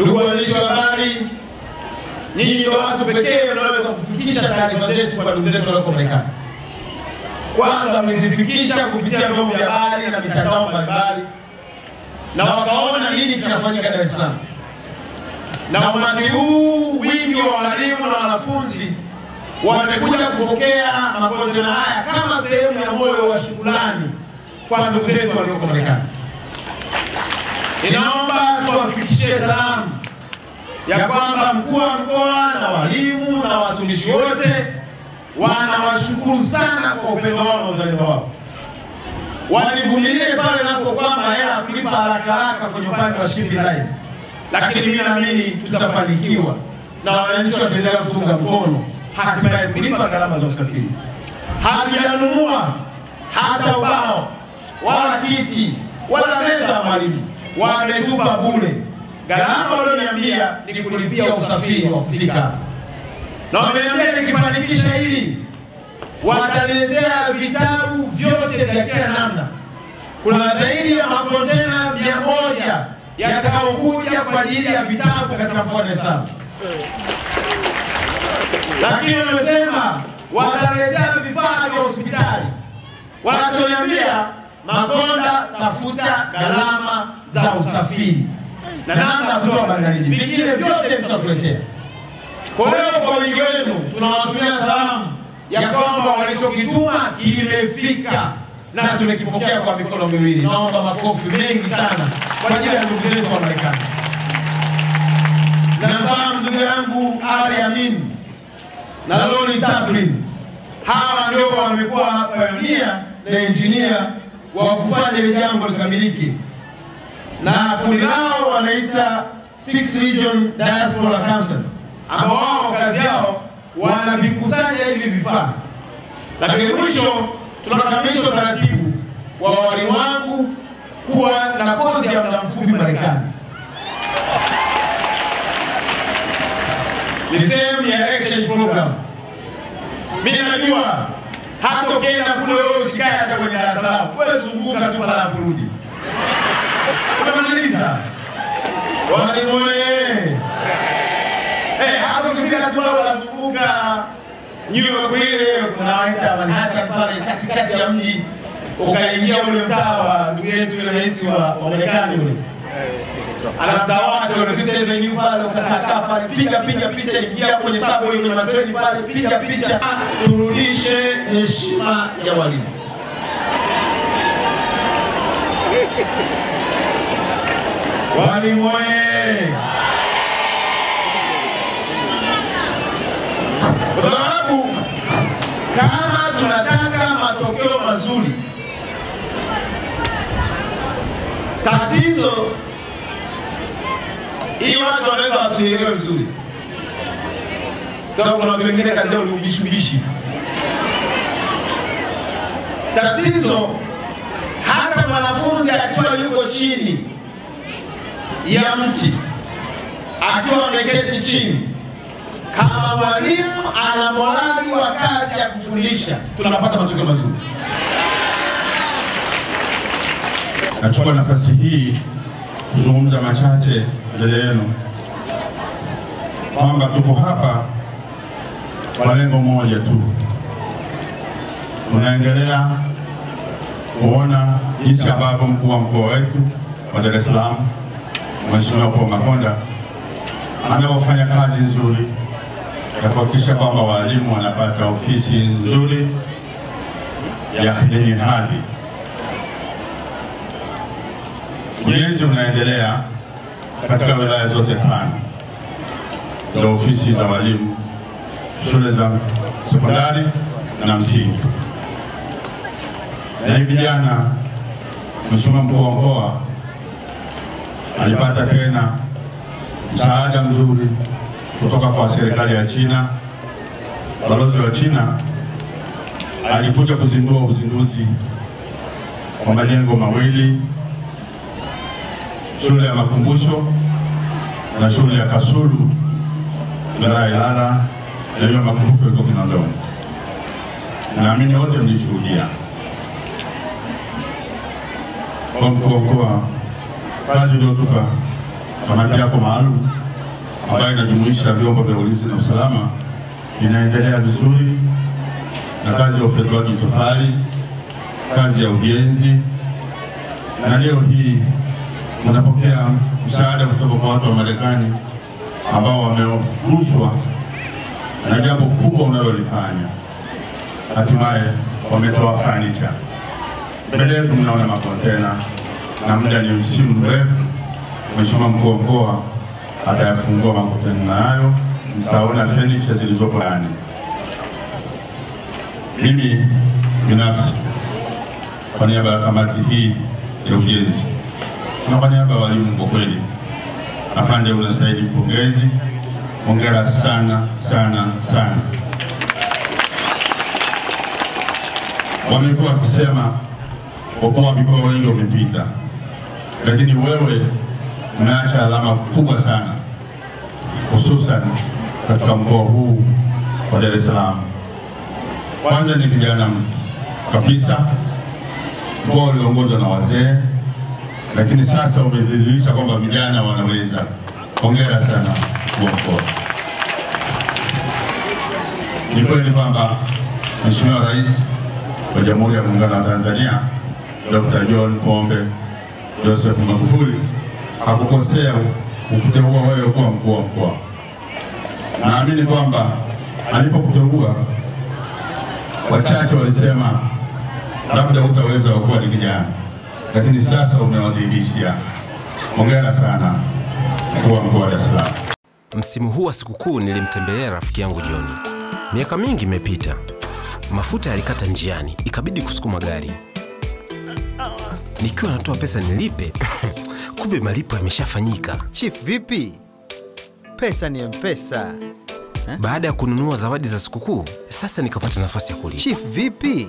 Ndugu waandishi wa habari, nyinyi ndio watu pekee wanaoweza kufikisha taarifa zetu kwa ndugu zetu walioko Marekani. Kwanza mlizifikisha kupitia vyombo vya habari na mitandao mbalimbali, na wakaona nini kinafanyika Dar es Salaam. Na umati huu wingi wa walimu na wanafunzi wamekuja kupokea na haya kama sehemu ya moyo wa shukrani kwa ndugu zetu walioko Marekani. Ninaomba wananchi wafikishie salamu ya kwamba mkuu wa mkoa na walimu na watumishi wote wanawashukuru sana kwa upendo wao na uzalendo wao. walivumilie pale napokwama hela kulipa haraka haraka kwenye upande wa Shimbi Line, lakini mimi naamini tutafanikiwa na wananchi wataendelea kutunga mkono, hatimaye kulipa gharama za usafiri. Hatujanunua hata ubao wala kiti wala meza ya mwalimu wametupa kule, Gharama walioniambia ni kulipia usafiri wa kufika, na wameniambia nikifanikisha hili wataletea vitabu vyote vya kila namna. Kuna zaidi ya makontena mia moja yatakaokuja kwa ajili ya vitabu katika mkoa wa Dar es Salaam, lakini wamesema wataletea vifaa vya hospitali. Wanachoniambia Makonda, tafuta gharama za usafiri na naanza kutoa barani, vingine vyote tutakuletea. Kwa leo, kwa wingi wenu tunawatumia salamu ya kwamba walichokituma kimefika na tumekipokea kwa mikono miwili. Naomba makofi mengi sana kwa ajili ya ndugu zetu wa Marekani. Nafahamu ndugu yangu Ali Amin na loni Tabrin, hawa ndio wamekuwa pioneer na engineer wa kufanya ile jambo likamilike, na kundi lao wanaita Six Region Diaspora Council, ambao wao kazi yao wanavikusanya hivi vifaa, lakini mwisho tunakamilisha utaratibu wa walimu wangu kuwa na kozi ya muda mfupi Marekani. Ni sehemu ya exchange program. Mimi najua hata ukienda kule wewe usikae hata kwenye Dar es Salaam, wewe zunguka tu pala kurudi. Unamaliza. Walimu wewe. Eh, hata ukifika tu pala unazunguka New York ile unaenda Manhattan pale katikati ya mji ukaingia ule mtaa wa ndugu yetu yule rais wa Marekani ule anamtawala unapita venue pale, ukakaa pale, piga piga picha, ingia kwenye sabu kwenye matreni pale, piga picha. Turudishe heshima ya walimu. Walimu oye! Kwa sababu kama tunataka matokeo mazuri, tatizo hii watu wanaweza wasielewe vizuri, sababu kuna watu wengine kazi yao ni ujishubishi tu. Tatizo hata mwanafunzi akiwa yuko chini ya mti, akiwa ameketi chini, kama mwalimu ana morali wa kazi ya kufundisha, tunapata matokeo mazuri. Nachukua nafasi hii kuzungumza machache mbele yenu kwamba tuko hapa kwa lengo moja tu, tunaendelea kuona jinsi ambavyo mkuu wa mkoa wetu wa Dar es Salaam Mheshimiwa Paul Makonda anavyofanya kazi nzuri ya kuhakikisha kwamba walimu wanapata ofisi nzuri ya yenye hadhi Ujenzi unaendelea katika wilaya zote tano za ofisi za walimu, shule za sekondari na msingi. Na hivi jana Mheshimiwa mkuu wa mkoa alipata tena msaada mzuri kutoka kwa serikali ya China. Balozi wa China alikuja kuzindua uzinduzi wa majengo mawili shule ya Makumbusho na shule ya Kasulu wilaya Ilala na hiyo makumbusho ilikuwa Kinondoni. Naamini wote mlishuhudia. Kwa mkuu wa mkoa, kazi uliotupa kamati yako maalum ambayo inajumuisha vyombo vya ulinzi na usalama inaendelea vizuri, na kazi ya ufyatuaji tofali, kazi ya ujenzi, na leo hii tunapokea msaada kutoka kwa watu wa Marekani ambao wameguswa na jambo kubwa unalolifanya. Hatimaye wametoa fanicha mbele yetu, mnaona makontena na muda ni msimu mrefu. Mheshimiwa mkuu wa mkoa atayafungua makontena hayo, mtaona fanicha zilizopo ndani. Mimi binafsi kwa niaba ya kamati hii ya ujenzi na kwa niaba ya walimu, kwa kweli afande, unastahili pongezi, hongera sana sana sana. Wamekuwa wakisema ukoa mikoa wengi umepita, lakini wewe unaacha alama kubwa sana, hususan katika mkoa huu wa Dar es Salaam. Kwanza ni kijana kabisa, mkoa ulioongozwa na wazee lakini sasa umedhihirisha kwamba vijana wanaweza. Hongera sana mkuu mkoa. Ni kweli kwamba Mheshimiwa Rais wa Jamhuri ya Muungano wa Tanzania Dr. John Pombe Joseph Magufuli hakukosea kukuteua wewe kuwa mkuu wa mkoa. Naamini kwamba alipokuteua wachache walisema labda utaweza kuwa ni kijana lakini sasa umewadhibishia. Hongera sana mkuu wa mkoa wa Dar es Salaam. Msimu huu wa sikukuu nilimtembelea rafiki yangu Joni. Miaka mingi imepita, mafuta yalikata njiani, ikabidi kusukuma gari. Nikiwa natoa pesa nilipe, kumbe malipo yameshafanyika. Chief vipi? Pesa ni mpesa. Eh? Baada ya kununua zawadi za sikukuu, sasa nikapata nafasi ya kulipa. Chief vipi?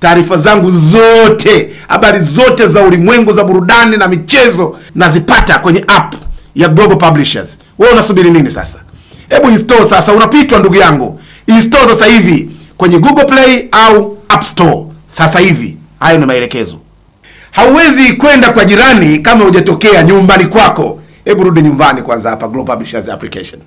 taarifa zangu zote, habari zote za ulimwengu, za burudani na michezo nazipata kwenye app ya Global Publishers. Wewe unasubiri nini sasa? Hebu install sasa, unapitwa ndugu yangu, install sasa hivi kwenye Google Play au App Store sasa hivi. Hayo ni maelekezo. Hauwezi kwenda kwa jirani kama hujatokea nyumbani kwako. Hebu rudi nyumbani kwanza, hapa Global Publishers application.